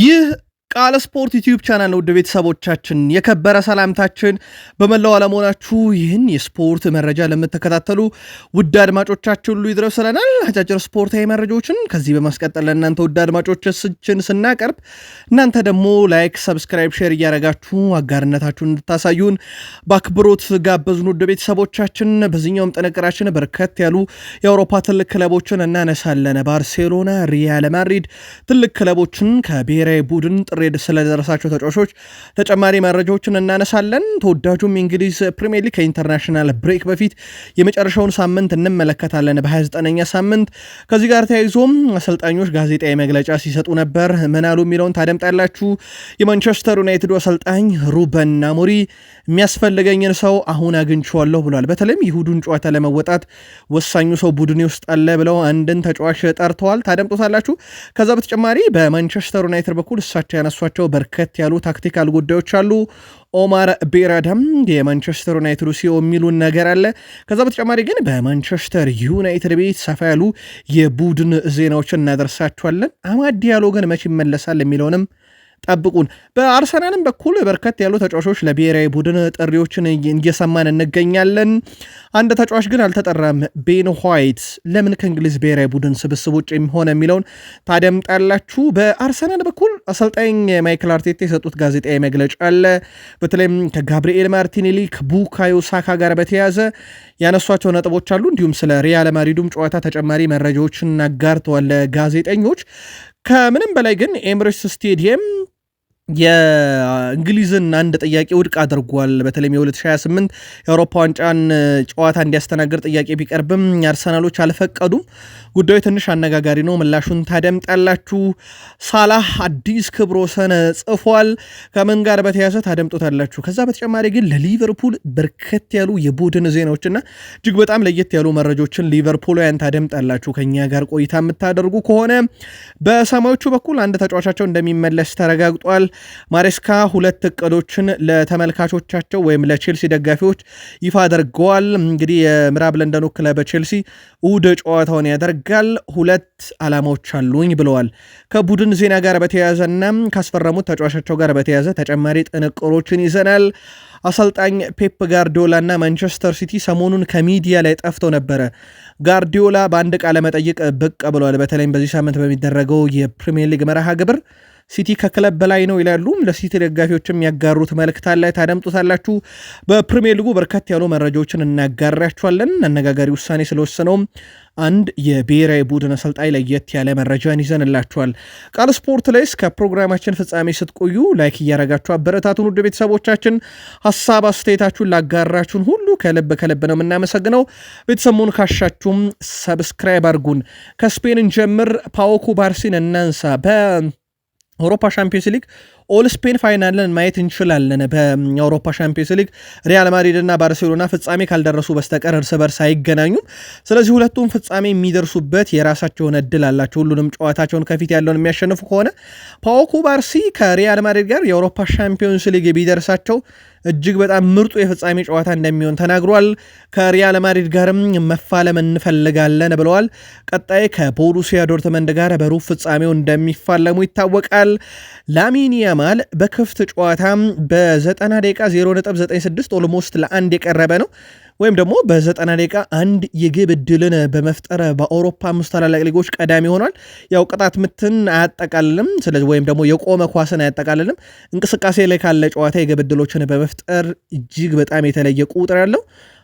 ይህ ቃል ስፖርት ዩቲዩብ ቻናል ውድ ቤተሰቦቻችን የከበረ ሰላምታችን በመላው ዓለም ይህን የስፖርት መረጃ ለምትከታተሉ ውድ አድማጮቻችን ሁሉ ይድረስ ስለናል። አጫጭር ስፖርታዊ መረጃዎችን ከዚህ በማስቀጠል ለእናንተ ውድ ስችን ስናቀርብ እናንተ ደግሞ ላይክ፣ ሰብስክራይብ፣ ሼር እያደረጋችሁ አጋርነታችሁን እንድታሳዩን በአክብሮት ጋበዙን። ውድ ቤተሰቦቻችን በዚኛውም ጥንቅራችን በርከት ያሉ የአውሮፓ ትልቅ ክለቦችን እናነሳለን። ባርሴሎና፣ ሪያል ማድሪድ ትልቅ ክለቦችን ከብሔራዊ ቡድን ጥሪ ግሬድ ስለደረሳቸው ተጫዋቾች ተጨማሪ መረጃዎችን እናነሳለን። ተወዳጁም የእንግሊዝ ፕሪሚየር ሊግ ከኢንተርናሽናል ብሬክ በፊት የመጨረሻውን ሳምንት እንመለከታለን። በ29ኛ ሳምንት ከዚህ ጋር ተያይዞም አሰልጣኞች ጋዜጣዊ መግለጫ ሲሰጡ ነበር። ምን አሉ የሚለውን ታደምጣላችሁ። የማንቸስተር ዩናይትዱ አሰልጣኝ ሩበን አሞሪ የሚያስፈልገኝን ሰው አሁን አግኝቼዋለሁ ብሏል። በተለይም ይሁዱን ጨዋታ ለመወጣት ወሳኙ ሰው ቡድኔ ውስጥ አለ ብለው አንድን ተጫዋች ጠርተዋል። ታደምጦታላችሁ። ከዛ በተጨማሪ በማንቸስተር ዩናይትድ በኩል እሳቸው ያነ ያነሷቸው በርከት ያሉ ታክቲካል ጉዳዮች አሉ። ኦማር ቤራዳም የማንቸስተር ዩናይትድ ሲዮ የሚሉን ነገር አለ። ከዛ በተጨማሪ ግን በማንቸስተር ዩናይትድ ቤት ሰፋ ያሉ የቡድን ዜናዎችን እናደርሳችኋለን። አማድ ዲያሎ ግን መቼ ይመለሳል የሚለውንም ጠብቁን። በአርሰናልም በኩል በርከት ያሉ ተጫዋቾች ለብሔራዊ ቡድን ጥሪዎችን እየሰማን እንገኛለን። አንድ ተጫዋች ግን አልተጠራም። ቤን ዋይት ለምን ከእንግሊዝ ብሔራዊ ቡድን ስብስብ ውጭ የሚሆን የሚለውን ታደምጣላችሁ። በአርሰናል በኩል አሰልጣኝ ማይክል አርቴታ የሰጡት ጋዜጣዊ መግለጫ አለ። በተለይም ከጋብርኤል ማርቲኔሊ ከቡካዮ ሳካ ጋር በተያያዘ ያነሷቸው ነጥቦች አሉ። እንዲሁም ስለ ሪያል ማድሪዱም ጨዋታ ተጨማሪ መረጃዎችን አጋርተዋል ጋዜጠኞች። ከምንም በላይ ግን ኤምሬትስ ስቴዲየም የእንግሊዝን አንድ ጥያቄ ውድቅ አድርጓል። በተለይም የ2028 የአውሮፓ ዋንጫን ጨዋታ እንዲያስተናግድ ጥያቄ ቢቀርብም አርሰናሎች አልፈቀዱም። ጉዳዩ ትንሽ አነጋጋሪ ነው። ምላሹን ታደምጣላችሁ። ሳላህ አዲስ ክብረ ወሰን ጽፏል። ከምን ጋር በተያያዘ ታደምጦታላችሁ። ከዛ በተጨማሪ ግን ለሊቨርፑል በርከት ያሉ የቡድን ዜናዎችና እጅግ በጣም ለየት ያሉ መረጃዎችን ሊቨርፑላውያን ታደምጣላችሁ። ከኛ ጋር ቆይታ የምታደርጉ ከሆነ በሰማዮቹ በኩል አንድ ተጫዋቻቸው እንደሚመለስ ተረጋግጧል። ማሬስካ ሁለት እቅዶችን ለተመልካቾቻቸው ወይም ለቼልሲ ደጋፊዎች ይፋ አድርገዋል። እንግዲህ የምዕራብ ለንደኑ ክለብ ቼልሲ እሁድ ጨዋታውን ያደርጋል። ሁለት ዓላማዎች አሉኝ ብለዋል። ከቡድን ዜና ጋር በተያያዘና ካስፈረሙት ተጫዋቻቸው ጋር በተያያዘ ተጨማሪ ጥንቅሮችን ይዘናል። አሰልጣኝ ፔፕ ና ማንቸስተር ሲቲ ሰሞኑን ከሚዲያ ላይ ጠፍተው ነበረ። ጋርዲዮላ በአንድ ቃለ መጠይቅ ብቅ ብለዋል። በተለይም በዚህ ሳምንት በሚደረገው የፕሪሚየር ሊግ መርሃ ግብር ሲቲ ከክለብ በላይ ነው ይላሉም። ለሲቲ ደጋፊዎችም ያጋሩት መልእክት አለ፣ ታደምጡታላችሁ። በፕሪሚየር ሊጉ በርከት ያሉ መረጃዎችን እናጋራችኋለን። አነጋጋሪ ውሳኔ ስለወሰነውም አንድ የብሔራዊ ቡድን አሰልጣኝ ለየት ያለ መረጃን ይዘንላችኋል። ቃል ስፖርት ላይ እስከ ፕሮግራማችን ፍጻሜ ስትቆዩ ላይክ እያረጋችሁ አበረታቱን። ውድ ቤተሰቦቻችን ሀሳብ አስተያየታችሁን ላጋራችሁን ሁሉ ከልብ ከልብ ነው የምናመሰግነው። ቤተሰሙን ካሻችሁም ሰብስክራይብ አድርጉን። ከስፔንን ጀምር። ፓወኩ ባርሲን እናንሳ በ Avrupa Şampiyonası Lig ኦል ስፔን ፋይናልን ማየት እንችላለን። በአውሮፓ ሻምፒዮንስ ሊግ ሪያል ማድሪድ እና ባርሴሎና ፍጻሜ ካልደረሱ በስተቀር እርስ በርስ አይገናኙም። ስለዚህ ሁለቱም ፍጻሜ የሚደርሱበት የራሳቸውን እድል አላቸው። ሁሉንም ጨዋታቸውን ከፊት ያለውን የሚያሸንፉ ከሆነ ፓኦኩ ባርሲ ከሪያል ማድሪድ ጋር የአውሮፓ ሻምፒዮንስ ሊግ ቢደርሳቸው እጅግ በጣም ምርጡ የፍጻሜ ጨዋታ እንደሚሆን ተናግሯል። ከሪያል ማድሪድ ጋርም መፋለም እንፈልጋለን ብለዋል። ቀጣይ ከቦሩሲያ ዶርትመንድ ጋር በሩብ ፍጻሜው እንደሚፋለሙ ይታወቃል። ላሚኒያ ያማል በክፍት ጨዋታ በ90 ደቂቃ 0.96 ኦልሞስት ለአንድ የቀረበ ነው ወይም ደግሞ በ90 ደቂቃ አንድ የግብ እድልን በመፍጠር በአውሮፓ አምስት ታላላቅ ሊጎች ቀዳሚ ሆኗል። ያው ቅጣት ምትን አያጠቃልልም፣ ስለዚህ ወይም ደግሞ የቆመ ኳስን አያጠቃልልም። እንቅስቃሴ ላይ ካለ ጨዋታ የግብ እድሎችን በመፍጠር እጅግ በጣም የተለየ ቁጥር ያለው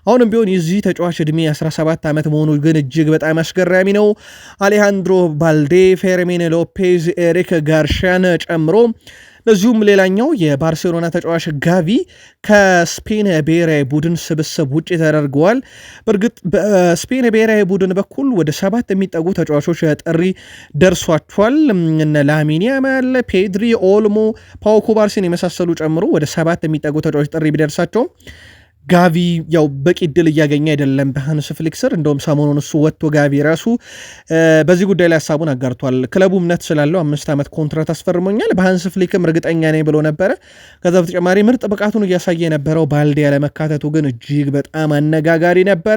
አሁንም ቢሆን የዚህ ተጫዋች ዕድሜ 17 ዓመት መሆኑ ግን እጅግ በጣም አስገራሚ ነው። አሌሃንድሮ ባልዴ፣ ፌርሚን ሎፔዝ፣ ኤሪክ ጋርሻን ጨምሮ እንደዚሁም ሌላኛው የባርሴሎና ተጫዋች ጋቪ ከስፔን ብሔራዊ ቡድን ስብስብ ውጭ ተደርገዋል። በእርግጥ በስፔን ብሔራዊ ቡድን በኩል ወደ ሰባት የሚጠጉ ተጫዋቾች ጥሪ ደርሷቸዋል። እነ ላሚን ያማል፣ ፔድሪ፣ ኦልሞ፣ ፓው ኩባርሲን የመሳሰሉ ጨምሮ ወደ ሰባት የሚጠጉ ተጫዋች ጥሪ ቢደርሳቸው ጋቪ ያው በቂ እድል እያገኘ አይደለም በሃንስ ፍሊክ ስር። እንደውም ሰሞኑን እሱ ወጥቶ ጋቪ ራሱ በዚህ ጉዳይ ላይ ሀሳቡን አጋርቷል። ክለቡ እምነት ስላለው አምስት ዓመት ኮንትራት አስፈርሞኛል፣ በሃንስ ፍሊክም እርግጠኛ ነኝ ብሎ ነበረ። ከዛ በተጨማሪ ምርጥ ብቃቱን እያሳየ የነበረው ባልዴ ያለመካተቱ ግን እጅግ በጣም አነጋጋሪ ነበረ።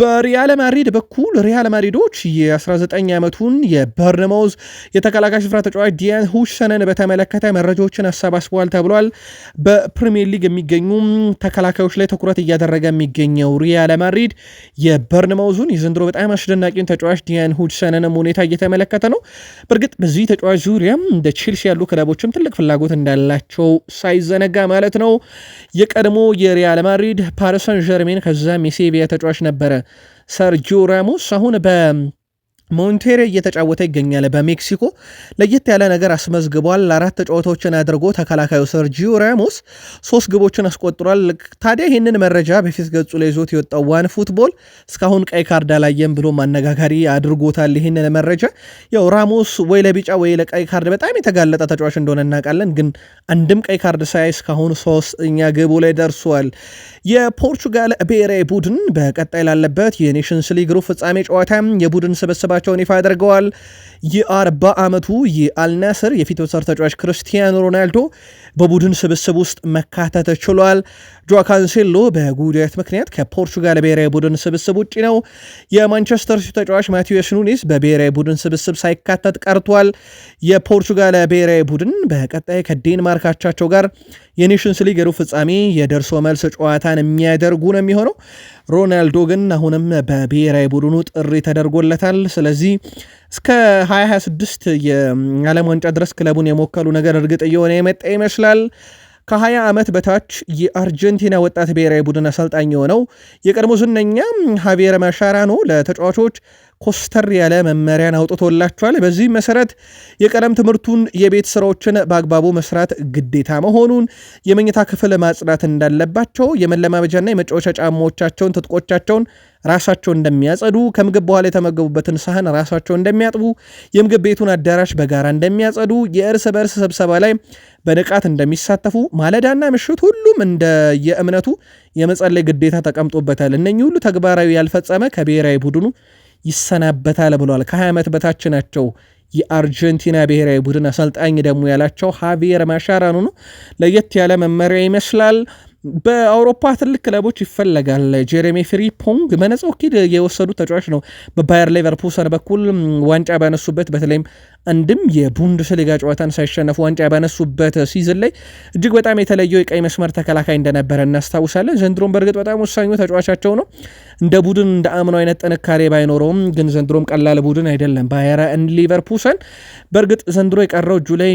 በሪያል ማድሪድ በኩል ሪያል ማድሪዶች የ19 ዓመቱን የበርንመውዝ የተከላካይ ስፍራ ተጫዋች ዲያን ሁሽሰንን በተመለከተ መረጃዎችን አሰባስበዋል ተብሏል። በፕሪሚየር ሊግ የሚገኙ ተከላካዮች ነገሮች ላይ ትኩረት እያደረገ የሚገኘው ሪያል ማድሪድ የበርንማውዙን የዘንድሮ በጣም አስደናቂውን ተጫዋች ዲያን ሁድሰንንም ሁኔታ እየተመለከተ ነው። በእርግጥ በዚህ ተጫዋች ዙሪያም እንደ ቼልሲ ያሉ ክለቦችም ትልቅ ፍላጎት እንዳላቸው ሳይዘነጋ ማለት ነው። የቀድሞ የሪያል ማድሪድ ፓሪሰን ሰን ዠርሜን ከዛም የሴቪያ ተጫዋች ነበረ ሰርጂዮ ራሞስ አሁን በ ሞንቴሬ እየተጫወተ ይገኛል። በሜክሲኮ ለየት ያለ ነገር አስመዝግቧል። አራት ተጫዋቾችን አድርጎ ተከላካዩ ሰርጂዮ ራሞስ ሶስት ግቦችን አስቆጥሯል። ታዲያ ይህንን መረጃ በፊት ገጹ ላይ ይዞት የወጣው ዋን ፉትቦል እስካሁን ቀይ ካርድ አላየም ብሎ አነጋጋሪ አድርጎታል። ይህንን መረጃ ያው ራሞስ ወይ ለቢጫ ወይ ለቀይ ካርድ በጣም የተጋለጠ ተጫዋች እንደሆነ እናውቃለን። ግን አንድም ቀይ ካርድ ሳያይ እስካሁን ሶስተኛ ግቡ ላይ ደርሷል። የፖርቹጋል ብሔራዊ ቡድን በቀጣይ ላለበት የኔሽንስ ሊግ ሩብ ፍጻሜ ጨዋታ የቡድን ስብስባ መሆናቸውን ይፋ ያደርገዋል። የአርባ ዓመቱ የአልናስር የፊት ወሰር ተጫዋች ክርስቲያኖ ሮናልዶ በቡድን ስብስብ ውስጥ መካተት ችሏል። ጆዋ ካንሴሎ በጉዳት ምክንያት ከፖርቹጋል ብሔራዊ ቡድን ስብስብ ውጭ ነው። የማንቸስተር ሲቲ ተጫዋች ማቴዎስ ኑኒስ በብሔራዊ ቡድን ስብስብ ሳይካተት ቀርቷል። የፖርቹጋል ብሔራዊ ቡድን በቀጣይ ከዴንማርካቻቸው ጋር የኔሽንስ ሊግ የሩብ ፍጻሜ የደርሶ መልስ ጨዋታን የሚያደርጉ ነው የሚሆነው። ሮናልዶ ግን አሁንም በብሔራዊ ቡድኑ ጥሪ ተደርጎለታል። ስለዚህ እስከ 2026 የዓለም ዋንጫ ድረስ ክለቡን የሞከሉ ነገር እርግጥ እየሆነ የመጣ ይመስላል። ከ20 ዓመት በታች የአርጀንቲና ወጣት ብሔራዊ ቡድን አሰልጣኝ የሆነው የቀድሞ ዝነኛ ሀቪየር ማሻራኖ ለተጫዋቾች ኮስተር ያለ መመሪያን አውጥቶላቸዋል። በዚህም መሰረት የቀለም ትምህርቱን የቤት ስራዎችን በአግባቡ መስራት ግዴታ መሆኑን፣ የመኝታ ክፍል ማጽዳት እንዳለባቸው፣ የመለማመጃና የመጫወቻ ጫማዎቻቸውን፣ ትጥቆቻቸውን ራሳቸው እንደሚያጸዱ፣ ከምግብ በኋላ የተመገቡበትን ሳህን ራሳቸው እንደሚያጥቡ፣ የምግብ ቤቱን አዳራሽ በጋራ እንደሚያጸዱ፣ የእርስ በእርስ ስብሰባ ላይ በንቃት እንደሚሳተፉ፣ ማለዳና ምሽት ሁሉም እንደ የእምነቱ የመጸለይ ግዴታ ተቀምጦበታል። እነኚህ ሁሉ ተግባራዊ ያልፈጸመ ከብሔራዊ ቡድኑ ይሰናበታል ብሏል። ከ20 ዓመት በታች ናቸው የአርጀንቲና ብሔራዊ ቡድን አሰልጣኝ ደግሞ ያላቸው ሃቪየር ማሻራኑ ነው። ለየት ያለ መመሪያ ይመስላል። በአውሮፓ ትልቅ ክለቦች ይፈለጋል። ጄሬሚ ፍሪፖንግ በነጻ ወኪል የወሰዱት ተጫዋች ነው። በባየር ሌቨርኩሰን በኩል ዋንጫ ባነሱበት በተለይም አንድም የቡንደስሊጋ ጨዋታን ሳይሸነፉ ዋንጫ ባነሱበት ሲዝን ላይ እጅግ በጣም የተለየው የቀይ መስመር ተከላካይ እንደነበረ እናስታውሳለን። ዘንድሮም በእርግጥ በጣም ወሳኙ ተጫዋቻቸው ነው። እንደ ቡድን እንደ አምኖ አይነት ጥንካሬ ባይኖረውም ግን ዘንድሮም ቀላል ቡድን አይደለም ባየር ሊቨርኩሰን። በእርግጥ ዘንድሮ የቀረው እጁ ላይ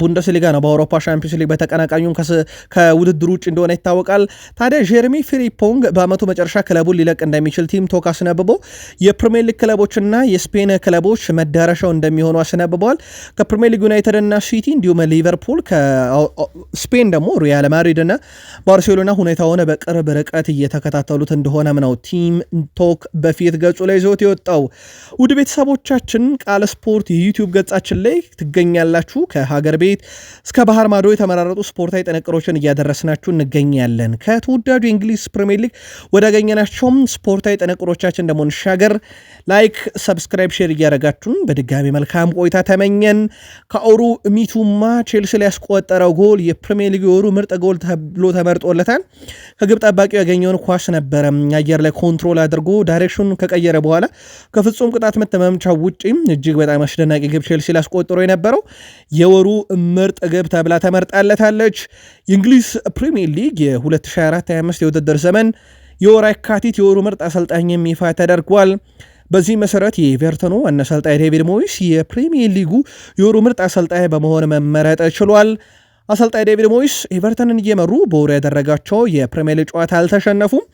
ቡንደስሊጋ ነው። በአውሮፓ ሻምፒዮንስ ሊግ በተቀናቃኙም ከውድድሩ ውጭ እንደሆነ ይታወቃል። ታዲያ ጀርሚ ፍሪፖንግ በአመቱ መጨረሻ ክለቡን ሊለቅ እንደሚችል ቲም ቶክ አስነብቦ የፕሪሚየር ሊግ ክለቦችና የስፔን ክለቦች መዳረሻው እንደሚሆኑ አስነብበዋል። ከፕሪሚየር ሊግ ዩናይትድና ሲቲ እንዲሁም ሊቨርፑል፣ ከስፔን ደግሞ ሪያል ማድሪድና ባርሴሎና ሁኔታውን በቅርብ ርቀት እየተከታተሉት እንደሆነም ነው ቲም ቶክ በፊት ገጹ ላይ ይዞት የወጣው። ውድ ቤተሰቦቻችን ቃለ ስፖርት የዩቲዩብ ገጻችን ላይ ትገኛላችሁ ከሀገር ቤት እስከ ባህር ማዶ የተመራረጡ ስፖርታዊ ጥንቅሮችን እያደረስናችሁ እንገኛለን። ከተወዳጁ የእንግሊዝ ፕሪሚየር ሊግ ወዳገኘናቸውም ስፖርታዊ ጥንቅሮቻችን ደግሞ እንሻገር። ላይክ፣ ሰብስክራይብ፣ ሼር እያደረጋችሁን በድጋሚ መልካም ቆይታ ተመኘን። ከኦሩ ሚቱማ ቼልሲ ላይ ያስቆጠረው ጎል የፕሪሚየር ሊግ የወሩ ምርጥ ጎል ተብሎ ተመርጦለታል። ከግብ ጠባቂው ያገኘውን ኳስ ነበረ አየር ላይ ኮንትሮል አድርጎ ዳይሬክሽኑን ከቀየረ በኋላ ከፍጹም ቅጣት መተመምቻው ውጪ እጅግ በጣም አስደናቂ ግብ ቼልሲ ላስቆጥሮ የነበረው የወሩ ምርጥ ግብ ተብላ ተመርጣለታለች። የእንግሊዝ ፕሪሚየር ሊግ የ2024/25 የውድድር ዘመን የወር የካቲት የወሩ ምርጥ አሰልጣኝም ይፋ ተደርጓል። በዚህ መሰረት የኤቨርተኑ ዋና አሰልጣኝ ዴቪድ ሞይስ የፕሪሚየር ሊጉ የወሩ ምርጥ አሰልጣኝ በመሆን መመረጥ ችሏል። አሰልጣኝ ዴቪድ ሞይስ ኤቨርተንን እየመሩ በወሩ ያደረጋቸው የፕሪሚየር ሊግ ጨዋታ አልተሸነፉም።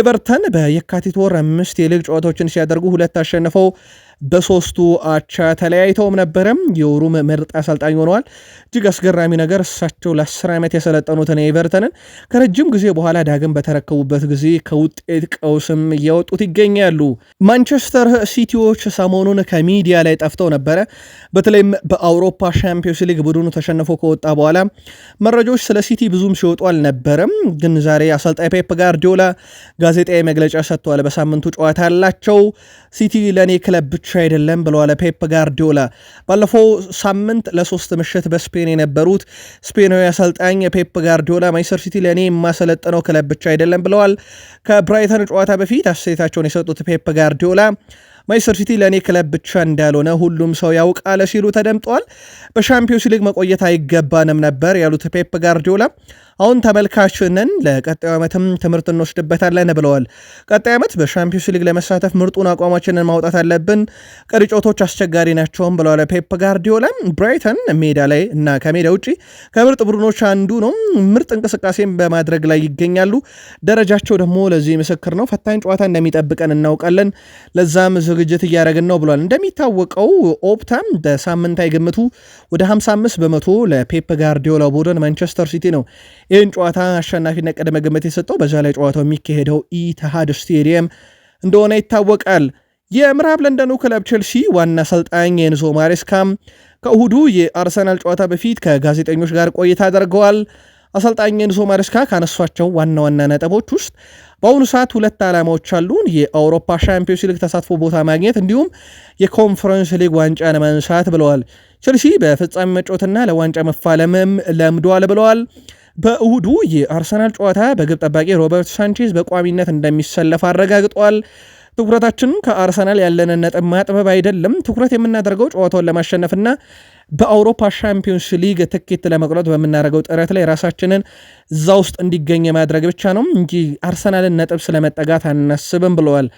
ኤቨርተን በየካቲት ወር አምስት የሊግ ጨዋታዎችን ሲያደርጉ ሁለት አሸንፈው በሶስቱ አቻ ተለያይተውም ነበረም። የወሩም ምርጥ አሰልጣኝ ሆነዋል። እጅግ አስገራሚ ነገር እሳቸው ለአስር ዓመት የሰለጠኑትን ኤቨርተንን ከረጅም ጊዜ በኋላ ዳግም በተረከቡበት ጊዜ ከውጤት ቀውስም እያወጡት ይገኛሉ። ማንቸስተር ሲቲዎች ሰሞኑን ከሚዲያ ላይ ጠፍተው ነበረ። በተለይም በአውሮፓ ሻምፒዮንስ ሊግ ቡድኑ ተሸንፎ ከወጣ በኋላ መረጃዎች ስለ ሲቲ ብዙም ሲወጡ አልነበረም። ግን ዛሬ አሰልጣኝ ፔፕ ጋርዲዮላ ጋዜጣዊ መግለጫ ሰጥተዋል። በሳምንቱ ጨዋታ አላቸው። ሲቲ ለእኔ ክለብ ብቻ አይደለም ብለዋል ፔፕ ጋርዲዮላ። ባለፈው ሳምንት ለሶስት ምሽት በስፔን የነበሩት ስፔናዊ አሰልጣኝ ፔፕ ጋርዲዮላ ማንቸስተር ሲቲ ለእኔ የማሰለጥነው ክለብ ብቻ አይደለም ብለዋል። ከብራይተን ጨዋታ በፊት አስተያየታቸውን የሰጡት ፔፕ ጋርዲዮላ ማንቸስተር ሲቲ ለእኔ ክለብ ብቻ እንዳልሆነ ሁሉም ሰው ያውቃል ሲሉ ተደምጠዋል። በሻምፒዮንስ ሊግ መቆየት አይገባንም ነበር ያሉት ፔፕ ጋርዲዮላ አሁን ተመልካችንን ለቀጣዩ ዓመትም ትምህርት እንወስድበታለን ብለዋል። ቀጣይ ዓመት በሻምፒዮንስ ሊግ ለመሳተፍ ምርጡን አቋማችንን ማውጣት አለብን። ቀሪ አስቸጋሪ ናቸውም ብለዋል ፔፕ ጋርዲዮላ። ብራይተን ሜዳ ላይ እና ከሜዳ ውጪ ከምርጥ ቡድኖች አንዱ ነው። ምርጥ እንቅስቃሴም በማድረግ ላይ ይገኛሉ። ደረጃቸው ደግሞ ለዚህ ምስክር ነው። ፈታኝ ጨዋታ እንደሚጠብቀን እናውቃለን። ለዛም ዝግጅት እያደረግን ነው ብሏል። እንደሚታወቀው ኦፕታም በሳምንታዊ ግምቱ ወደ 55 በመቶ ለፔፕ ጋርዲዮላ ቡድን ማንቸስተር ሲቲ ነው ይህን ጨዋታ አሸናፊነት ቅድመ ግምት የሰጠው። በዛ ላይ ጨዋታው የሚካሄደው ኢትሃድ ስቴዲየም እንደሆነ ይታወቃል። የምዕራብ ለንደኑ ክለብ ቼልሲ ዋና አሰልጣኝ ኤንዞ ማሬስካም ከእሁዱ የአርሰናል ጨዋታ በፊት ከጋዜጠኞች ጋር ቆይታ አድርገዋል። አሰልጣኝ ኤንዞ ማሬስካ ካነሷቸው ዋና ዋና ነጥቦች ውስጥ በአሁኑ ሰዓት ሁለት ዓላማዎች አሉን፣ የአውሮፓ ሻምፒዮንስ ሊግ ተሳትፎ ቦታ ማግኘት እንዲሁም የኮንፈረንስ ሊግ ዋንጫን ማንሳት ብለዋል። ቼልሲ በፍጻሜ መጫወትና ለዋንጫ መፋለምም ለምደዋል ብለዋል። በእሁዱ የአርሰናል ጨዋታ በግብ ጠባቂ ሮበርት ሳንቼዝ በቋሚነት እንደሚሰለፍ አረጋግጧል። ትኩረታችን ከአርሰናል ያለንን ነጥብ ማጥበብ አይደለም። ትኩረት የምናደርገው ጨዋታውን ለማሸነፍና በአውሮፓ ሻምፒዮንስ ሊግ ትኬት ለመቁረጥ በምናደርገው ጥረት ላይ ራሳችንን እዛ ውስጥ እንዲገኝ ማድረግ ብቻ ነው እንጂ አርሰናልን ነጥብ ስለመጠጋት አናስብም ብለዋል።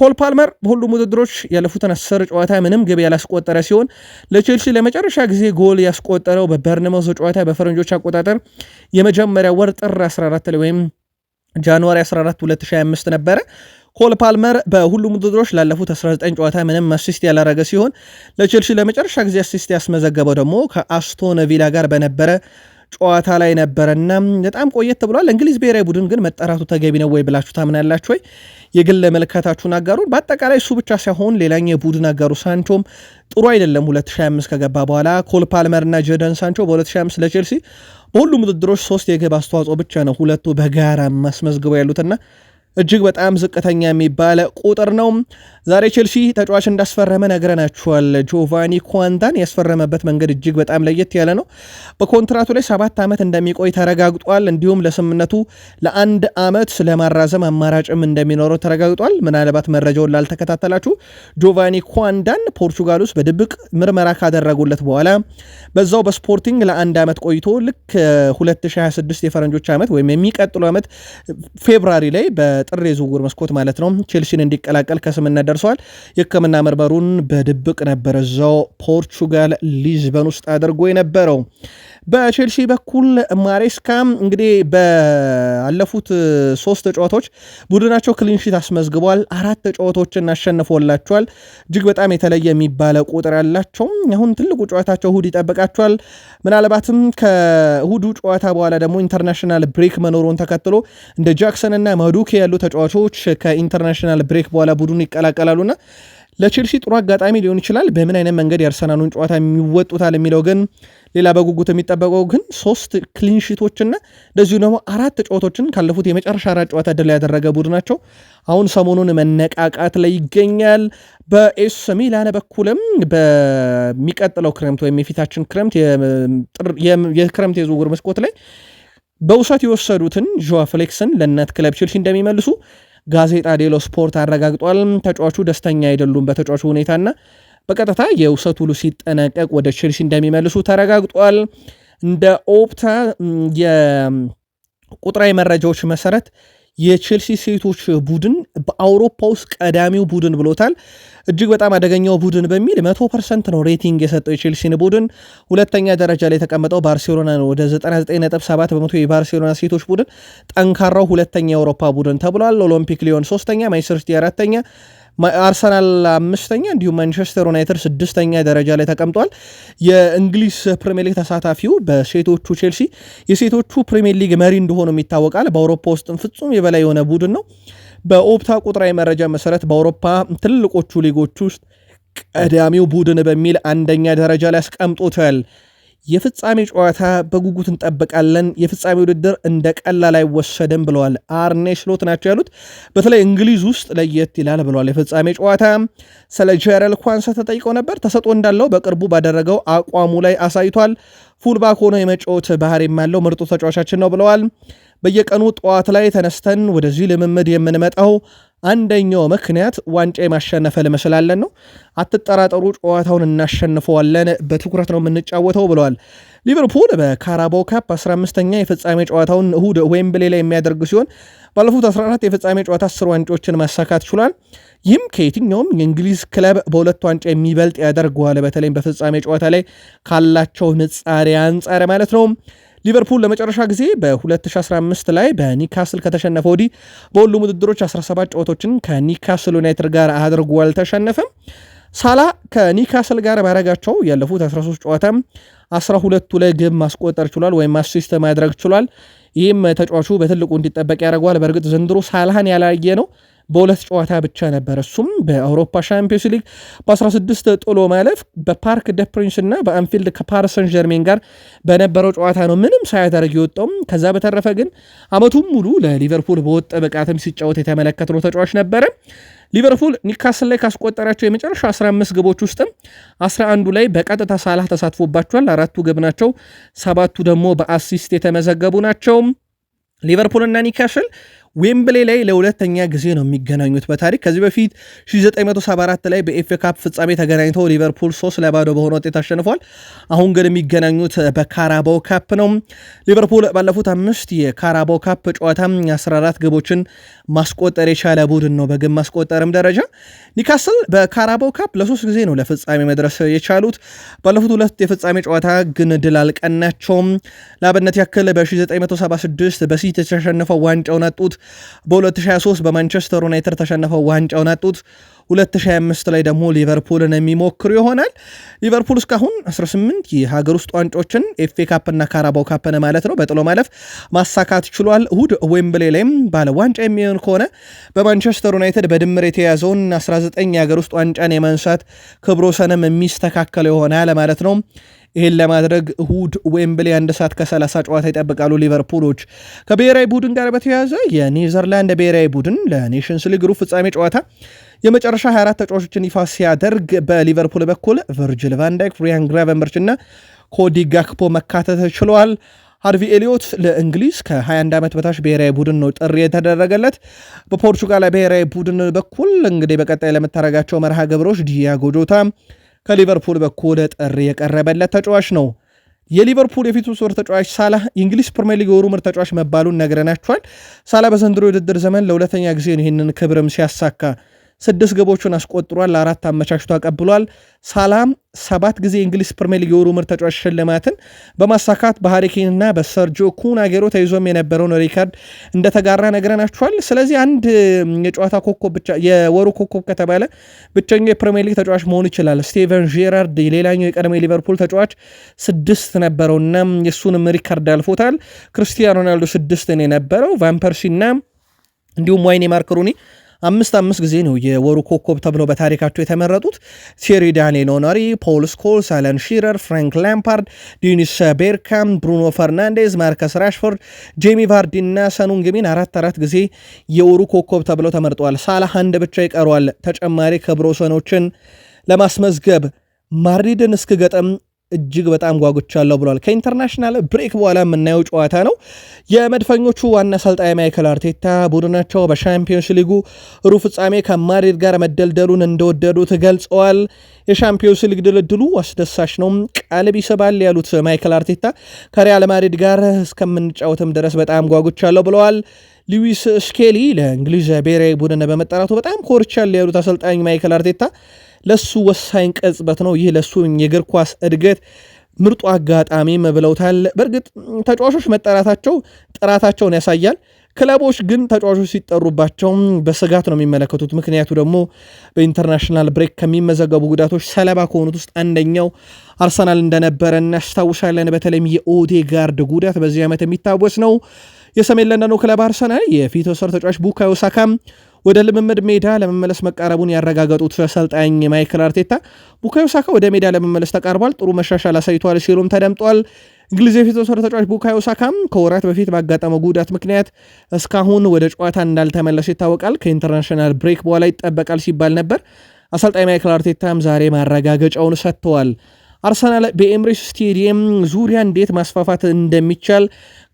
ኮል ፓልመር በሁሉም ውድድሮች ያለፉትን አስር ጨዋታ ምንም ግብ ያላስቆጠረ ሲሆን ለቼልሲ ለመጨረሻ ጊዜ ጎል ያስቆጠረው በበርንመውዝ ጨዋታ በፈረንጆች አቆጣጠር የመጀመሪያ ወር ጥር 14 ላይ ወይም ጃንዋሪ 14 2025 ነበረ። ኮል ፓልመር በሁሉም ውድድሮች ላለፉት 19 ጨዋታ ምንም አሲስት ያላረገ ሲሆን ለቼልሲ ለመጨረሻ ጊዜ አሲስት ያስመዘገበው ደግሞ ከአስቶን ቪላ ጋር በነበረ ጨዋታ ላይ ነበረና በጣም ቆየት ብሏል። እንግሊዝ ብሔራዊ ቡድን ግን መጠራቱ ተገቢ ነው ወይ ብላችሁ ታምናላችሁ ወይ? የግል መልካታችሁን አጋሩን። በአጠቃላይ እሱ ብቻ ሳይሆን ሌላኛው የቡድን አጋሩ ሳንቾም ጥሩ አይደለም። 2025 ከገባ በኋላ ኮል ፓልመርና ጀደን ሳንቾ በ2025 ለቼልሲ በሁሉም ውድድሮች ሶስት የግብ አስተዋጽኦ ብቻ ነው ሁለቱ በጋራ ማስመዝግበው ያሉትና እጅግ በጣም ዝቅተኛ የሚባል ቁጥር ነው። ዛሬ ቼልሲ ተጫዋች እንዳስፈረመ ነግረናችኋል። ጆቫኒ ኳንዳን ያስፈረመበት መንገድ እጅግ በጣም ለየት ያለ ነው። በኮንትራቱ ላይ ሰባት ዓመት እንደሚቆይ ተረጋግጧል። እንዲሁም ለስምነቱ ለአንድ ዓመት ለማራዘም አማራጭም እንደሚኖረው ተረጋግጧል። ምናልባት መረጃውን ላልተከታተላችሁ ጆቫኒ ኳንዳን ፖርቹጋል ውስጥ በድብቅ ምርመራ ካደረጉለት በኋላ በዛው በስፖርቲንግ ለአንድ ዓመት ቆይቶ ልክ 2026 የፈረንጆች ዓመት ወይም የሚቀጥሉ ዓመት ፌብራሪ ላይ በጥር የዝውውር መስኮት ማለት ነው ቼልሲን እንዲቀላቀል ከስምነት ደርሷል የሕክምና ምርመሩን በድብቅ ነበር እዛው ፖርቹጋል ሊዝበን ውስጥ አድርጎ የነበረው። በቼልሲ በኩል ማሬስካ እንግዲህ ባለፉት ሶስት ጨዋታዎች ቡድናቸው ክሊንሺት አስመዝግቧል። አራት ጨዋታዎችን አሸንፎላቸዋል። እጅግ በጣም የተለየ የሚባለ ቁጥር ያላቸው አሁን ትልቁ ጨዋታቸው እሁድ ይጠብቃቸዋል። ምናልባትም ከእሁዱ ጨዋታ በኋላ ደግሞ ኢንተርናሽናል ብሬክ መኖሩን ተከትሎ እንደ ጃክሰን እና ማዱኬ ያሉ ያሉ ተጫዋቾች ከኢንተርናሽናል ብሬክ በኋላ ቡድኑ ይቀላቀላሉና ለቼልሲ ጥሩ አጋጣሚ ሊሆን ይችላል። በምን አይነት መንገድ የአርሰናሉን ጨዋታ የሚወጡታል የሚለው ግን ሌላ በጉጉት የሚጠበቀው ግን ሶስት ክሊንሺቶችና እንደዚሁ ደግሞ አራት ጨዋታዎችን ካለፉት የመጨረሻ አራት ጨዋታ ድል ያደረገ ቡድናቸው አሁን ሰሞኑን መነቃቃት ላይ ይገኛል። በኤስ ሚላን በኩልም በሚቀጥለው ክረምት ወይም የፊታችን ክረምት የክረምት የዝውውር መስኮት ላይ በውሰት የወሰዱትን ዦዋ ፍሌክስን ለእናት ክለብ ቼልሲ እንደሚመልሱ ጋዜጣ ዴሎ ስፖርት አረጋግጧል። ተጫዋቹ ደስተኛ አይደሉም በተጫዋቹ ሁኔታና በቀጥታ የውሰት ውሉ ሲጠናቀቅ ወደ ቼልሲ እንደሚመልሱ ተረጋግጧል። እንደ ኦፕታ የቁጥራዊ መረጃዎች መሰረት የቼልሲ ሴቶች ቡድን በአውሮፓ ውስጥ ቀዳሚው ቡድን ብሎታል። እጅግ በጣም አደገኛው ቡድን በሚል መቶ ፐርሰንት ነው ሬቲንግ የሰጠው የቼልሲን ቡድን። ሁለተኛ ደረጃ ላይ የተቀመጠው ባርሴሎና ነው። ወደ 99.7 በመቶ የባርሴሎና ሴቶች ቡድን ጠንካራው ሁለተኛ የአውሮፓ ቡድን ተብሏል። ኦሎምፒክ ሊዮን ሶስተኛ፣ ማንቸስተር ሲቲ አራተኛ አርሰናል አምስተኛ እንዲሁም ማንቸስተር ዩናይትድ ስድስተኛ ደረጃ ላይ ተቀምጧል። የእንግሊዝ ፕሪሚየር ሊግ ተሳታፊው በሴቶቹ ቼልሲ የሴቶቹ ፕሪሚየር ሊግ መሪ እንደሆኑም ይታወቃል። በአውሮፓ ውስጥም ፍጹም የበላይ የሆነ ቡድን ነው። በኦፕታ ቁጥራዊ መረጃ መሰረት በአውሮፓ ትልቆቹ ሊጎች ውስጥ ቀዳሚው ቡድን በሚል አንደኛ ደረጃ ላይ አስቀምጦታል። የፍጻሜ ጨዋታ በጉጉት እንጠብቃለን። የፍጻሜ ውድድር እንደ ቀላል አይወሰድም ብለዋል አርኔ ስሎት ናቸው ያሉት። በተለይ እንግሊዝ ውስጥ ለየት ይላል ብለዋል። የፍጻሜ ጨዋታ ስለ ጀረል ኳንሳ ተጠይቀው ነበር። ተሰጦ እንዳለው በቅርቡ ባደረገው አቋሙ ላይ አሳይቷል። ፉልባክ ሆኖ የመጫወት ባህሪ ያለው ምርጡ ተጫዋቻችን ነው ብለዋል። በየቀኑ ጠዋት ላይ ተነስተን ወደዚህ ልምምድ የምንመጣው አንደኛው ምክንያት ዋንጫ የማሸነፍ ህልም ስላለን ነው። አትጠራጠሩ፣ ጨዋታውን እናሸንፈዋለን፣ በትኩረት ነው የምንጫወተው ብለዋል። ሊቨርፑል በካራባው ካፕ 15ኛ የፍጻሜ ጨዋታውን እሁድ ዌምብሌ ላይ የሚያደርግ ሲሆን ባለፉት 14 የፍጻሜ ጨዋታ 10 ዋንጫዎችን ማሳካት ችሏል። ይህም ከየትኛውም የእንግሊዝ ክለብ በሁለት ዋንጫ የሚበልጥ ያደርገዋል። በተለይም በፍጻሜ ጨዋታ ላይ ካላቸው ንጻሪ አንጻር ማለት ነው። ሊቨርፑል ለመጨረሻ ጊዜ በ2015 ላይ በኒካስል ከተሸነፈ ወዲህ በሁሉም ውድድሮች 17 ጨዋታዎችን ከኒካስል ዩናይትድ ጋር አድርጎ አልተሸነፈም። ሳላ ከኒካስል ጋር ባረጋቸው ያለፉት 13 ጨዋታም 12ቱ ላይ ግብ ማስቆጠር ችሏል ወይም አሲስት ማድረግ ችሏል። ይህም ተጫዋቹ በትልቁ እንዲጠበቅ ያደርገዋል። በእርግጥ ዘንድሮ ሳላህን ያላየ ነው በሁለት ጨዋታ ብቻ ነበር። እሱም በአውሮፓ ሻምፒዮንስ ሊግ በ16 ጥሎ ማለፍ በፓርክ ደ ፕሪንስ እና በአንፊልድ ከፓርሰን ጀርሜን ጋር በነበረው ጨዋታ ነው ምንም ሳያደርግ የወጣውም። ከዛ በተረፈ ግን አመቱም ሙሉ ለሊቨርፑል በወጠ ብቃትም ሲጫወት የተመለከትነው ተጫዋች ነበረ። ሊቨርፑል ኒካስል ላይ ካስቆጠራቸው የመጨረሻ 15 ግቦች ውስጥም 11ዱ ላይ በቀጥታ ሳላህ ተሳትፎባቸዋል። አራቱ ግብ ናቸው። ሰባቱ ደግሞ በአሲስት የተመዘገቡ ናቸው። ሊቨርፑል እና ኒካስል ዌምብሌ ላይ ለሁለተኛ ጊዜ ነው የሚገናኙት በታሪክ ከዚህ በፊት 1974 ላይ በኤፍ ካፕ ፍጻሜ ተገናኝተው ሊቨርፑል ሶስት ለባዶ በሆነ ውጤት አሸንፏል። አሁን ግን የሚገናኙት በካራባው ካፕ ነው። ሊቨርፑል ባለፉት አምስት የካራባው ካፕ ጨዋታ 14 ግቦችን ማስቆጠር የቻለ ቡድን ነው በግብ ማስቆጠርም ደረጃ። ኒካስል በካራባው ካፕ ለሶስት ጊዜ ነው ለፍጻሜ መድረስ የቻሉት። ባለፉት ሁለት የፍጻሜ ጨዋታ ግን ድል አልቀናቸውም። ለአብነት ያክል በ1976 በሲቲ የተሸነፈው ዋንጫውን አጡት። በ2023 በማንቸስተር ዩናይትድ ተሸነፈው ዋንጫውን አጡት። 2025 ላይ ደግሞ ሊቨርፑልን የሚሞክሩ ይሆናል። ሊቨርፑል እስካሁን 18 የሀገር ውስጥ ዋንጮችን ኤፍ ኤ ካፕና ካራባው ካፕን ማለት ነው በጥሎ ማለፍ ማሳካት ችሏል። እሁድ ዌምብሌ ላይም ባለ ዋንጫ የሚሆን ከሆነ በማንቸስተር ዩናይትድ በድምር የተያዘውን 19 የሀገር ውስጥ ዋንጫን የማንሳት ክብረ ወሰንም የሚስተካከል ይሆናል ማለት ነው። ይህን ለማድረግ እሁድ ዌምብሌ አንድ ሰዓት ከ30 ጨዋታ ይጠብቃሉ ሊቨርፑሎች። ከብሔራዊ ቡድን ጋር በተያያዘ የኔዘርላንድ ብሔራዊ ቡድን ለኔሽንስ ሊግ ሩብ ፍጻሜ ጨዋታ የመጨረሻ 24 ተጫዋቾችን ይፋ ሲያደርግ በሊቨርፑል በኩል ቨርጅል ቫንዳይክ፣ ሪያን ግራቨንበርች እና ኮዲ ጋክፖ መካተት ችለዋል። ሃርቪ ኤሊዮት ለእንግሊዝ ከ21 ዓመት በታች ብሔራዊ ቡድን ነው ጥሪ የተደረገለት። በፖርቹጋል ብሔራዊ ቡድን በኩል እንግዲህ በቀጣይ ለምታደርጋቸው መርሃ ግብሮች ዲያጎ ጆታ ከሊቨርፑል በኩል ጥሪ የቀረበለት ተጫዋች ነው። የሊቨርፑል የፊት መስመር ተጫዋች ሳላ የእንግሊዝ ፕሪምየር ሊግ የወሩ ምርጥ ተጫዋች መባሉን ነግረናቸዋል። ሳላ በዘንድሮ የውድድር ዘመን ለሁለተኛ ጊዜ ነው ይህንን ክብርም ሲያሳካ ስድስት ግቦቹን አስቆጥሯል፣ ለአራት አመቻችቶ አቀብሏል። ሳላም ሰባት ጊዜ የእንግሊዝ ፕሪሚየር ሊግ የወሩ ምርጥ ተጫዋች ሽልማትን በማሳካት በሃሪኬንና በሰርጆ ኩናጌሮ ተይዞም የነበረውን ሪካርድ እንደተጋራ ነግረናችኋል። ስለዚህ አንድ የጨዋታ ኮከብ ብቻ የወሩ ኮከብ ከተባለ ብቸኛው የፕሪሚየር ሊግ ተጫዋች መሆን ይችላል። ስቴቨን ጄራርድ ሌላኛው የቀድሞ ሊቨርፑል ተጫዋች ስድስት ነበረውና የእሱንም ሪካርድ አልፎታል። ክርስቲያኖ ሮናልዶ ስድስት ነው የነበረው። ቫን እንዲሁም ዋይኔ ማርክሩኒ አምስት አምስት ጊዜ ነው የወሩ ኮከብ ተብለው በታሪካቸው የተመረጡት። ቴሪ ዳንኤል ኖነሪ፣ ፖል ስኮልስ፣ አለን ሺረር፣ ፍራንክ ላምፓርድ፣ ዲኒስ ቤርካም፣ ብሩኖ ፈርናንዴዝ፣ ማርከስ ራሽፎርድ፣ ጄሚ ቫርዲ እና ሰኑንግሚን አራት አራት ጊዜ የወሩ ኮከብ ተብለው ተመርጠዋል። ሳላህ አንድ ብቻ ይቀሯል ተጨማሪ ክብረ ወሰኖችን ለማስመዝገብ ማድሪድን እስክገጥም እጅግ በጣም ጓጉቻለሁ ብሏል። ከኢንተርናሽናል ብሬክ በኋላ የምናየው ጨዋታ ነው። የመድፈኞቹ ዋና አሰልጣኝ ማይክል አርቴታ ቡድናቸው በሻምፒዮንስ ሊጉ ሩብ ፍጻሜ ከማድሪድ ጋር መደልደሉን እንደወደዱት ገልጸዋል። የሻምፒዮንስ ሊግ ድልድሉ አስደሳች ነው፣ ቀልብ ይስባል ያሉት ማይክል አርቴታ ከሪያል ማድሪድ ጋር እስከምንጫወትም ድረስ በጣም ጓጉቻለሁ ብለዋል። ሉዊስ ስኬሊ ለእንግሊዝ ብሔራዊ ቡድን በመጠራቱ በጣም ኮርቻል ያሉት አሰልጣኝ ማይክል አርቴታ ለሱ ወሳኝ ቅጽበት ነው። ይህ ለሱ የእግር ኳስ እድገት ምርጡ አጋጣሚም ብለውታል። በእርግጥ ተጫዋቾች መጠራታቸው ጥራታቸውን ያሳያል። ክለቦች ግን ተጫዋቾች ሲጠሩባቸው በስጋት ነው የሚመለከቱት። ምክንያቱ ደግሞ በኢንተርናሽናል ብሬክ ከሚመዘገቡ ጉዳቶች ሰለባ ከሆኑት ውስጥ አንደኛው አርሰናል እንደነበረ እናስታውሳለን። በተለይም የኦዴጋርድ ጉዳት በዚህ ዓመት የሚታወስ ነው። የሰሜን ለንደኑ ክለብ አርሰናል የፊት ወሰር ተጫዋች ቡካዮ ሳካም ወደ ልምምድ ሜዳ ለመመለስ መቃረቡን ያረጋገጡት አሰልጣኝ ማይክል አርቴታ ቡካዮ ሳካ ወደ ሜዳ ለመመለስ ተቃርቧል፣ ጥሩ መሻሻል አሳይቷል ሲሉም ተደምጧል። እንግሊዝ የፊት መስመር ተጫዋች ቡካዮ ሳካም ከወራት በፊት ባጋጠመው ጉዳት ምክንያት እስካሁን ወደ ጨዋታ እንዳልተመለሱ ይታወቃል። ከኢንተርናሽናል ብሬክ በኋላ ይጠበቃል ሲባል ነበር። አሰልጣኝ ማይክል አርቴታም ዛሬ ማረጋገጫውን ሰጥተዋል። አርሰናል በኤምሬስ ስቴዲየም ዙሪያ እንዴት ማስፋፋት እንደሚቻል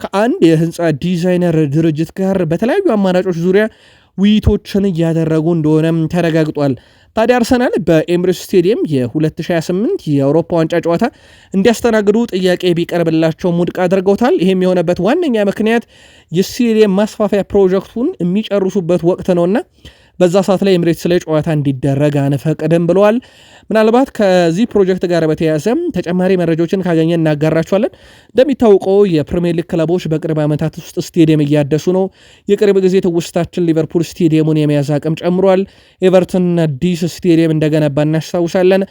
ከአንድ የህንፃ ዲዛይነር ድርጅት ጋር በተለያዩ አማራጮች ዙሪያ ውይይቶችን እያደረጉ እንደሆነም ተረጋግጧል። ታዲያ አርሰናል በኤምሬትስ ስቴዲየም የ2028 የአውሮፓ ዋንጫ ጨዋታ እንዲያስተናግዱ ጥያቄ ቢቀርብላቸው ውድቅ አድርገውታል። ይህም የሆነበት ዋነኛ ምክንያት የስቴዲየም ማስፋፊያ ፕሮጀክቱን የሚጨርሱበት ወቅት ነውና በዛ ሰዓት ላይ ኤምሬትስ ላይ ጨዋታ እንዲደረግ አንፈቅድም ብለዋል። ምናልባት ከዚህ ፕሮጀክት ጋር በተያያዘ ተጨማሪ መረጃዎችን ካገኘ እናጋራቸዋለን። እንደሚታወቀው የፕሪሚየር ሊግ ክለቦች በቅርብ ዓመታት ውስጥ ስቴዲየም እያደሱ ነው። የቅርብ ጊዜ ትውስታችን ሊቨርፑል ስቴዲየሙን የመያዝ አቅም ጨምሯል። ኤቨርተን አዲስ ስቴዲየም እንደገነባ እናስታውሳለን።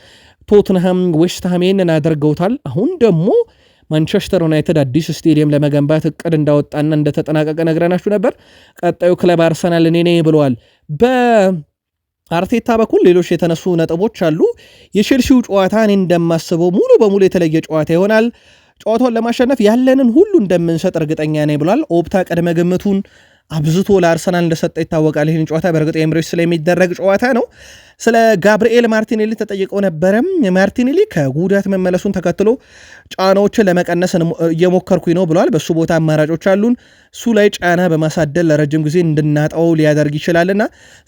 ቶትንሃም ዌስትሃሜን አድርገውታል። አሁን ደግሞ ማንቸስተር ዩናይትድ አዲስ ስቴዲየም ለመገንባት እቅድ እንዳወጣና እንደተጠናቀቀ ነግረናችሁ ነበር። ቀጣዩ ክለብ አርሰናል እኔ ነኝ ብለዋል። በአርቴታ በኩል ሌሎች የተነሱ ነጥቦች አሉ። የቼልሲው ጨዋታ እኔ እንደማስበው ሙሉ በሙሉ የተለየ ጨዋታ ይሆናል። ጨዋታውን ለማሸነፍ ያለንን ሁሉ እንደምንሰጥ እርግጠኛ ነኝ ብሏል። ኦፕታ ቅድመ ግምቱን አብዝቶ ለአርሰናል እንደሰጠ ይታወቃል። ይህን ጨዋታ በእርግጥ ኤምሬትስ ስለሚደረግ ጨዋታ ነው። ስለ ጋብርኤል ማርቲኔሊ ተጠይቀው ነበረም። ማርቲኔሊ ከጉዳት መመለሱን ተከትሎ ጫናዎችን ለመቀነስ እየሞከርኩኝ ነው ብለዋል። በሱ ቦታ አማራጮች አሉን። እሱ ላይ ጫና በማሳደል ለረጅም ጊዜ እንድናጣው ሊያደርግ ይችላልና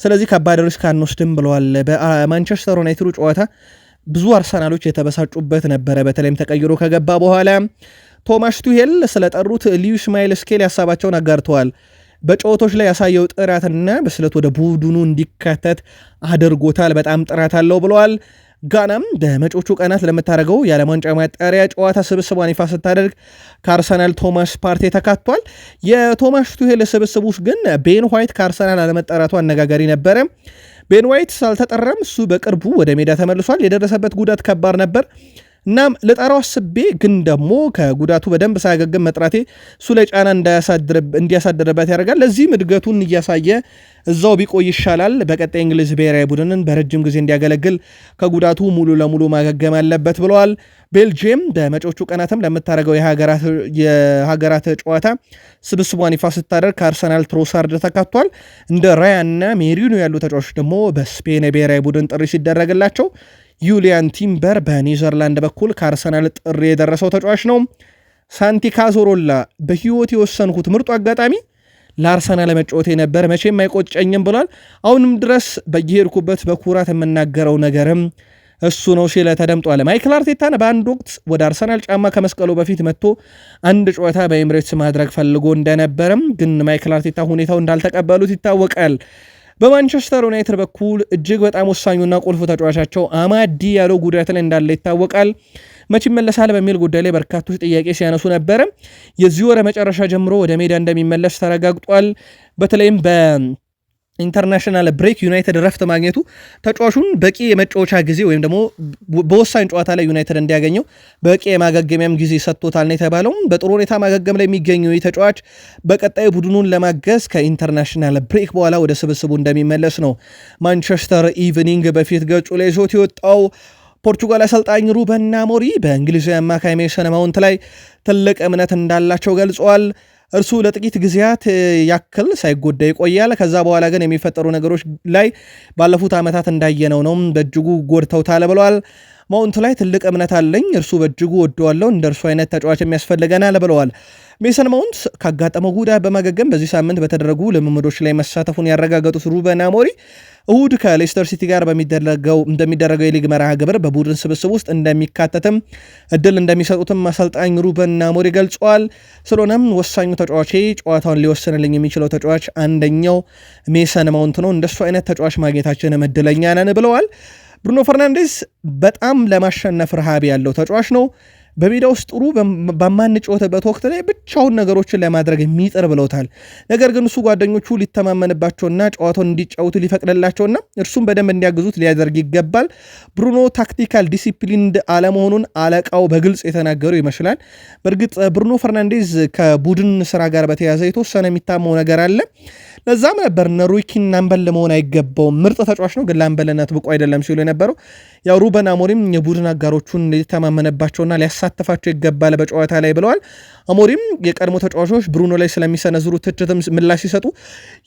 ስለዚህ ከባድ ሪስክ አንወስድም ብለዋል። በማንቸስተር ዩናይትዱ ጨዋታ ብዙ አርሰናሎች የተበሳጩበት ነበረ። በተለይም ተቀይሮ ከገባ በኋላ ቶማስ ቱሄል ስለጠሩት ሊዩ ስማይል ስኬል ያሳባቸውን አጋርተዋል። በጨዋታዎች ላይ ያሳየው ጥራትና በስለት ወደ ቡድኑ እንዲካተት አድርጎታል። በጣም ጥራት አለው ብለዋል። ጋናም በመጪዎቹ ቀናት ለምታደርገው የዓለም ዋንጫ ማጣሪያ ጨዋታ ስብስቧን ይፋ ስታደርግ ከአርሰናል ቶማስ ፓርቲ ተካቷል። የቶማስ ቱሄል ስብስብ ውስጥ ግን ቤን ዋይት ከአርሰናል አለመጠራቱ አነጋጋሪ ነበረ። ቤን ዋይት አልተጠራም። እሱ በቅርቡ ወደ ሜዳ ተመልሷል። የደረሰበት ጉዳት ከባድ ነበር። እናም ለጣራዋ አስቤ ግን ደግሞ ከጉዳቱ በደንብ ሳያገግም መጥራቴ እሱ ላይ ጫና እንዲያሳድርበት ያደርጋል። ለዚህም እድገቱን እያሳየ እዛው ቢቆይ ይሻላል። በቀጣይ እንግሊዝ ብሔራዊ ቡድንን በረጅም ጊዜ እንዲያገለግል ከጉዳቱ ሙሉ ለሙሉ ማገገም አለበት ብለዋል። ቤልጅየም በመጪዎቹ ቀናትም ለምታደርገው የሀገራት ጨዋታ ስብስቧን ይፋ ስታደርግ ከአርሰናል ትሮሳርድ ተካቷል። እንደ ራያ እና ሜሪኖ ያሉ ተጫዋቾች ደግሞ በስፔን የብሔራዊ ቡድን ጥሪ ሲደረግላቸው ዩሊያን ቲምበር በኔዘርላንድ በኩል ከአርሰናል ጥሪ የደረሰው ተጫዋች ነው። ሳንቲ ካዞሮላ በህይወት የወሰንኩት ምርጡ አጋጣሚ ለአርሰናል መጫወቴ ነበር፣ መቼም አይቆጨኝም ብሏል። አሁንም ድረስ በየሄድኩበት በኩራት የምናገረው ነገርም እሱ ነው ሲለ ተደምጧል። ማይክል አርቴታን በአንድ ወቅት ወደ አርሰናል ጫማ ከመስቀሉ በፊት መጥቶ አንድ ጨዋታ በኤምሬትስ ማድረግ ፈልጎ እንደነበረም ግን ማይክል አርቴታ ሁኔታው እንዳልተቀበሉት ይታወቃል። በማንቸስተር ዩናይትድ በኩል እጅግ በጣም ወሳኙና ቁልፉ ተጫዋቻቸው አማዲ ያለው ጉዳት ላይ እንዳለ ይታወቃል። መች ይመለሳል በሚል ጉዳይ ላይ በርካቶች ጥያቄ ሲያነሱ ነበር የዚህ ወር መጨረሻ ጀምሮ ወደ ሜዳ እንደሚመለስ ተረጋግጧል። በተለይም በ ኢንተርናሽናል ብሬክ ዩናይትድ ረፍት ማግኘቱ ተጫዋቹን በቂ የመጫወቻ ጊዜ ወይም ደግሞ በወሳኝ ጨዋታ ላይ ዩናይትድ እንዲያገኘው በቂ የማገገሚያም ጊዜ ሰጥቶታል ነው የተባለውም። በጥሩ ሁኔታ ማገገም ላይ የሚገኘው ይህ ተጫዋች በቀጣዩ ቡድኑን ለማገዝ ከኢንተርናሽናል ብሬክ በኋላ ወደ ስብስቡ እንደሚመለስ ነው ማንቸስተር ኢቭኒንግ በፊት ገጹ ላይ ይዞት የወጣው። ፖርቹጋል አሰልጣኝ ሩበን አሞሪም በእንግሊዛዊ አማካይ ሜሰን ማውንት ላይ ትልቅ እምነት እንዳላቸው ገልጸዋል። እርሱ ለጥቂት ጊዜያት ያክል ሳይጎዳ ይቆያል። ከዛ በኋላ ግን የሚፈጠሩ ነገሮች ላይ ባለፉት ዓመታት እንዳየነው ነው በእጅጉ ጎድተውታል ብለዋል። ማውንቱ ላይ ትልቅ እምነት አለኝ። እርሱ በእጅጉ ወደዋለው። እንደ እርሱ አይነት ተጫዋች የሚያስፈልገናል ብለዋል። ሜሰን ማውንት ካጋጠመው ጉዳት በማገገም በዚህ ሳምንት በተደረጉ ልምምዶች ላይ መሳተፉን ያረጋገጡት ሩበን አሞሪ እሁድ ከሌስተር ሲቲ ጋር በሚደረገው እንደሚደረገው የሊግ መርሃ ግብር በቡድን ስብስብ ውስጥ እንደሚካተትም እድል እንደሚሰጡትም አሰልጣኝ ሩበን አሞሪ ገልጸዋል። ስለሆነም ወሳኙ ተጫዋቼ ጨዋታውን ሊወስንልኝ የሚችለው ተጫዋች አንደኛው ሜሰን ማውንት ነው፣ እንደሱ አይነት ተጫዋች ማግኘታችንም እድለኛ ነን ብለዋል። ብሩኖ ፈርናንዴስ በጣም ለማሸነፍ ረሃብ ያለው ተጫዋች ነው በሜዳ ውስጥ ጥሩ በማንጫወትበት ወቅት ላይ ብቻውን ነገሮችን ለማድረግ የሚጥር ብለውታል። ነገር ግን እሱ ጓደኞቹ ሊተማመንባቸውና ጨዋታውን እንዲጫወቱ ሊፈቅድላቸውና እርሱም በደንብ እንዲያግዙት ሊያደርግ ይገባል። ብሩኖ ታክቲካል ዲሲፕሊንድ አለመሆኑን አለቃው በግልጽ የተናገሩ ይመስላል። በእርግጥ ብሩኖ ፈርናንዴዝ ከቡድን ስራ ጋር በተያያዘ የተወሰነ የሚታመው ነገር አለ። ለዛም ነበር እነ ሮይ ኪን መሆን አይገባውም፣ ምርጥ ተጫዋች ነው ግን ላምበልነት ብቁ አይደለም ሲሉ የነበረው ያው ሩበን አሞሪም የቡድን አጋሮቹን ሊተማመነባቸውና ሊያሳተፋቸው ይገባል በጨዋታ ላይ ብለዋል። አሞሪም የቀድሞ ተጫዋቾች ብሩኖ ላይ ስለሚሰነዝሩ ትችትም ምላሽ ሲሰጡ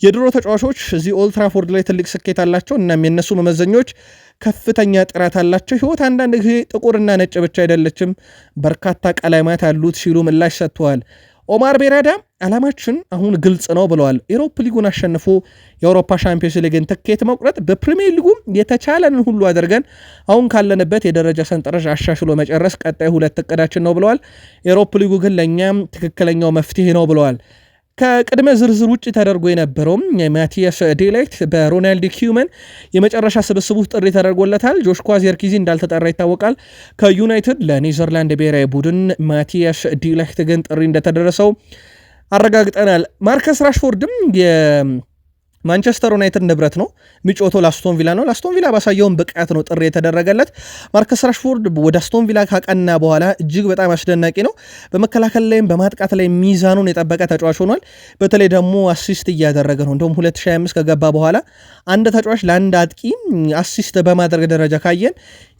የድሮ ተጫዋቾች እዚህ ኦልትራፎርድ ላይ ትልቅ ስኬት አላቸው፣ እናም የነሱ መመዘኞች ከፍተኛ ጥራት አላቸው። ህይወት አንዳንድ ጊዜ ጥቁርና ነጭ ብቻ አይደለችም፣ በርካታ ቀለማት አሉት ሲሉ ምላሽ ሰጥተዋል። ኦማር ቤራዳ ዓላማችን አሁን ግልጽ ነው ብለዋል። ኤሮፕ ሊጉን አሸንፎ የአውሮፓ ሻምፒዮንስ ሊግን ትኬት መቁረጥ፣ በፕሪሚየር ሊጉም የተቻለንን ሁሉ አድርገን አሁን ካለንበት የደረጃ ሰንጠረዥ አሻሽሎ መጨረስ ቀጣይ ሁለት እቅዳችን ነው ብለዋል። ኤሮፕ ሊጉ ግን ለእኛም ትክክለኛው መፍትሄ ነው ብለዋል። ከቅድመ ዝርዝር ውጭ ተደርጎ የነበረውም ማቲያስ ዴላይት በሮናልድ ኪዩመን የመጨረሻ ስብስቡ ጥሪ ተደርጎለታል። ጆሽኳ ዜርኪዚ እንዳልተጠራ ይታወቃል። ከዩናይትድ ለኔዘርላንድ ብሔራዊ ቡድን ማቲያስ ዴላይት ግን ጥሪ እንደተደረሰው አረጋግጠናል። ማርከስ ራሽፎርድም ማንቸስተር ዩናይትድ ንብረት ነው። ሚጮቶ ለአስቶን ቪላ ነው። ለአስቶን ቪላ ባሳየውን ብቃት ነው ጥሪ የተደረገለት። ማርከስ ራሽፎርድ ወደ አስቶን ቪላ ካቀና በኋላ እጅግ በጣም አስደናቂ ነው። በመከላከል ላይም በማጥቃት ላይ ሚዛኑን የጠበቀ ተጫዋች ሆኗል። በተለይ ደግሞ አሲስት እያደረገ ነው። እንደውም 2025 ከገባ በኋላ አንድ ተጫዋች ለአንድ አጥቂ አሲስት በማድረግ ደረጃ ካየን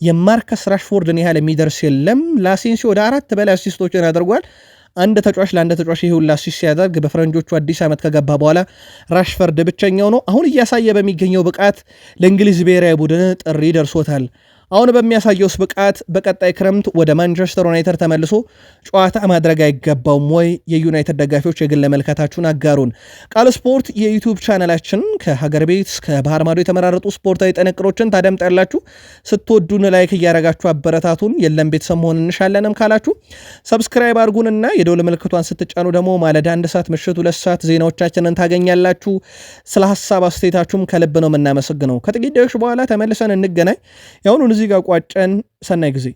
የማርከስ ራሽፎርድን ያህል የሚደርስ የለም። ለአሴንሲ ወደ አራት በላይ አሲስቶችን አድርጓል። አንድ ተጫዋች ለአንድ ተጫዋች ይህ ሁሉ ሲያደርግ በፈረንጆቹ አዲስ ዓመት ከገባ በኋላ ራሽፈርድ ብቸኛው ነው። አሁን እያሳየ በሚገኘው ብቃት ለእንግሊዝ ብሔራዊ ቡድን ጥሪ ደርሶታል። አሁን በሚያሳየውስ ብቃት በቀጣይ ክረምት ወደ ማንቸስተር ዩናይትድ ተመልሶ ጨዋታ ማድረግ አይገባውም ወይ? የዩናይትድ ደጋፊዎች የግል መልከታችሁን አጋሩን። ቃል ስፖርት የዩቱብ ቻናላችን ከሀገር ቤት እስከ ባህር ማዶ የተመራረጡ ስፖርታዊ ጥንቅሮችን ታደምጣላችሁ። ስትወዱን ላይክ እያረጋችሁ አበረታቱን። የለም ቤተሰብ መሆን እንሻለንም ካላችሁ ሰብስክራይብ አድርጉንና የደውል ምልክቷን ስትጫኑ ደግሞ ማለዳ አንድ ሰዓት፣ ምሽት ሁለት ሰዓት ዜናዎቻችንን ታገኛላችሁ። ስለ ሀሳብ አስተያየታችሁም ከልብ ነው የምናመሰግነው። ከጥቂት ደቂቃዎች በኋላ ተመልሰን እንገናኝ። እዚህ ጋር ቋጨን። ሰናይ ጊዜ